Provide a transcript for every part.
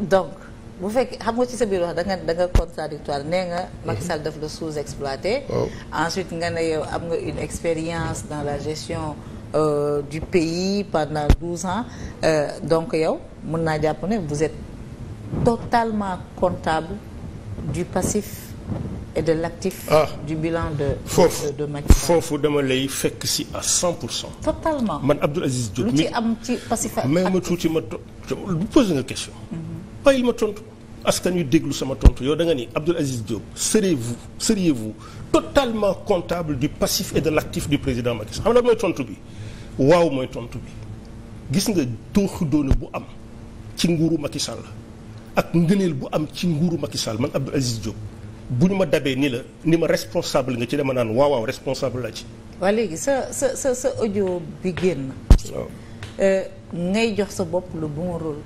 donc bu fekkee xam nga ci sa biir wax da nga da nga contradictoire nee nga Macky Sall daf la sous-exploité ensuite nga ne yow am nga une expérience dans la gestion euh, du pays pendant douze ans euh, donc yow mun naa jàpp ne vous êtes totalement comptable du passif et de l'actif ah, du bilan de foofu de, de, foofu dama lay fekk si à cent pour cent totalement man Abdoul Aziz lu ci am ci passif mais ma tuuti ma to posé nga question mhm. bàyyil ma tontu askan yu déglu sama tontu yow da nga ni Abdoul Aziz Diop seriez-vous seriez-vous totalement comptable du passif et de l'actif du président Macky Sall xam nga mooy tontu bi waaw mooy tontu bi gis nga tooxi doona bu am ci nguuru Macky Sall ak ngëneel bu am ci nguuru Macky man Abdoul Aziz Diop bu ñu ma dabee ni la ni ma responsable nga ci dama naan waaw waaw responsable laa ci. waa léegi sa sa sa sa audio bi génn. Euh, ngay jox sa bopp lu bon rôle.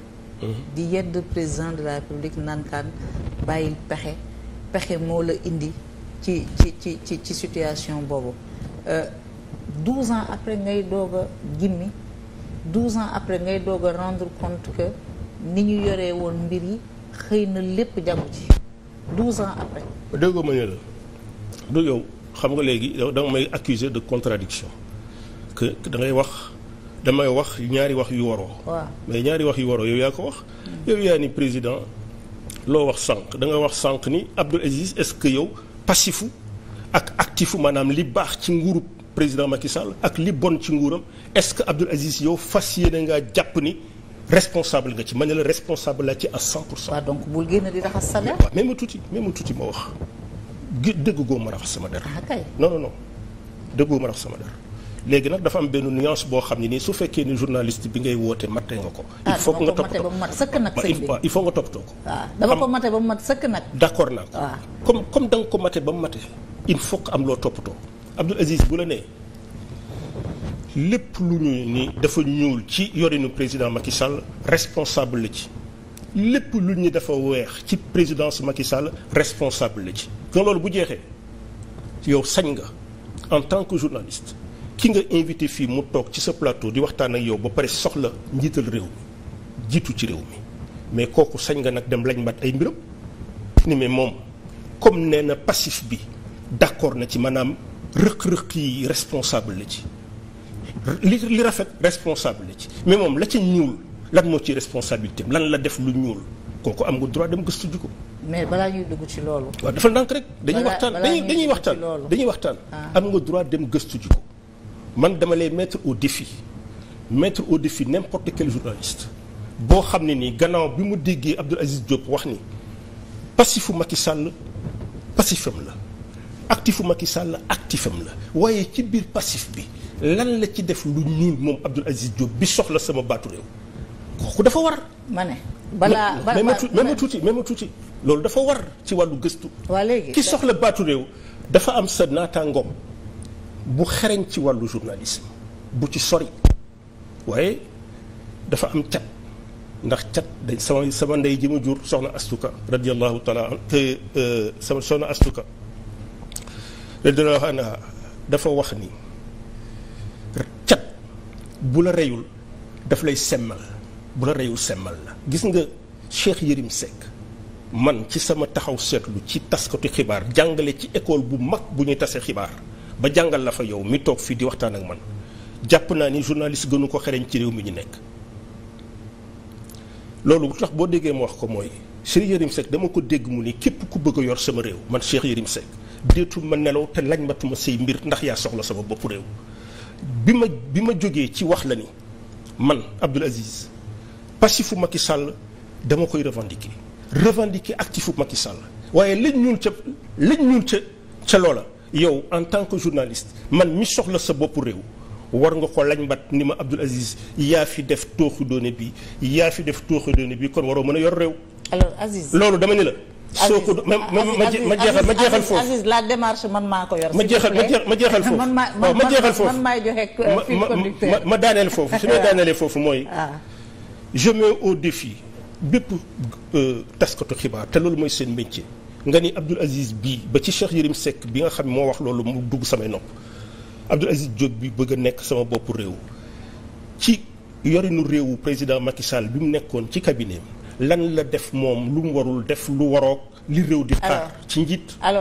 di yedd président de la république nankaan bàyyil pexe pexe moo la indi ci ci ci ci ci situation boobu euh, douze ans après ngay doog a gimmi douze ans après ngay doog a rendre compte que ni ñu yoree woon mbir yi xëy na lépp jagu ci douze ans après déggoo ma ne du yow xam nga léegi da nga may accuser de contradiction que da wax damay wax ñaari wax yu waroo. waaw mais ñaari wax yu waroo yow yaa ko wax. yow yaa ni président loo wax sànq da nga wax sànq ni Abdou Aziz est-ce que yow passifu ak actifu maanaam li baax ci nguuru président Macky Sall ak li bon ci nguuram est-ce que Abdou Aziz yow fas yéene ngaa jàpp ni. responsable nga ci ma ne la responsable laa ci à 100 pour donc bul génn sa der. waaw mais ma tuuti mais ma tuuti ma wax dëggu goo ma raxas sama der. ah kay non non dëggoo ma raxas sama der. léegi nag dafa am benn nuance boo xam ne nii su fekkee ni journaliste bi ngay woote matte nga ko. il faut nga toppatoo ba mu mat sëkk nag. il nga toppatoo ko. waaw ah, dama ko mate ba mu mat sëkk nag. d'accord naa ko ah. comme comme da ko mate ba mu mate il faut que am loo toppatoo Abdoul Aziz bu la nee lépp lu ñu ni dafa ñuul ci yorinu président Macky Sall responsable ci. lépp lu ñu dafa weex ci présidence Macky Sall responsable ci. donc loolu bu jeexee yow sañ nga en tant que journaliste. ki nga invité fii mu toog ci sa plateau di waxtaan ak yow ba pare soxla njiital réew mi jiitu ci réew mi mais kooku sañ nga nag dem lañ mbat ay mbiram ni mais moom comme nee na passif bi d'accord na ci maanaam rëq-rëq yi responsable la ci li li rafet responsable la ci mais moom la ci ñuul lan moo ci responsabilité lan la def lu ñuul kooku am nga droit dem gëstu ji ko. mais balaa ñuy dugg ci loolu. waaw dafa ndànk rek. dañuy waxtaan dañuy waxtaan dañuy ah. waxtaan. am nga droit dem gëstu ji ko. man dama lay mettre au défi mettre au défi n'importe quel journaliste boo xam ne nii gannaaw bi mu déggee Abdoul Aziz Diop wax ni passifu Macky Sall passifam la actifu Macky Sall actifam la waaye ci biir passif bi lan la ci def lu ñuul moom Abdoul Aziz Diop bi soxla sama baatu réew kooku dafa war. ma ne balaa balaa même ma tuuti même ma tuuti loolu dafa war ci wàllu gëstu. waa léegi ki soxla baatu réew dafa am sa naataangoom. bu xereñ ci wàllu journalisme bu ci sori waaye dafa am cat ndax cat dañ sama sama ndey ji ma jur soxna astuka radiallahu taala euh, sama soxna astuka radiallahu dafa wax ni cat bu la reyul daf lay semmal bu la reyul semmal la gis nga Cheikh Yérim Seck man ci sama taxaw seetlu ci taskatu xibaar jàngale ci école bu mag bu ñuy tasee xibaar ba jàngal la fa yow mi toog fii di waxtaan ak man jàpp naa ni journaliste gënu ko xereñ ci réew mi ñu nekk loolu lu tax boo déggee ma wax ko mooy Cheikh Yérim Seck dama ko dégg mu ni képp ku bëgg yor sama réew man Cheikh Yérim Seck déetu ma nelaw te lañ matuma say mbir ndax yaa soxla sama boppu réew bi ma bi ma jógee ci wax la ni man Abdoul Aziz passifu Macky Sall dama koy revendiquer revendiquer actifu Macky Sall waaye lañ ñuul ca lañ ñuul ca ca loola yow en tant que journaliste man mi soxla sa bopp réew war nga ko lañ mbat ni ma Abdoul Aziz yaa fi def tooxi doone bi yaa fi def tooxi doone bi kon waroo mën a yor réew. alors Aziz loolu dama ni la. soo ko ma ma jeexal ma jeexal foofu Aziz la démarche man maa ko yor. ma jeexal ma jeexal foofu man maa ma jeexal foofu maay joxe euh, fil conducteur ma daaneel foofu su may daaneelee foofu mooy. Ah. je mets au défi bépp euh, taskatu xibaar te loolu mooy seen métier. nga ni Abdoul Aziz bii ba ci Cheikh Yérim sekk bi nga xam moo wax loolu mu dugg samay nopp Abdoul Aziz Diop bi bëgg a nekk sama bopp réew ci yorinu réewu président Macky bi mu nekkoon ci cabinet lan la def moom lu mu warul def lu waroog li réew di xaar ci njiit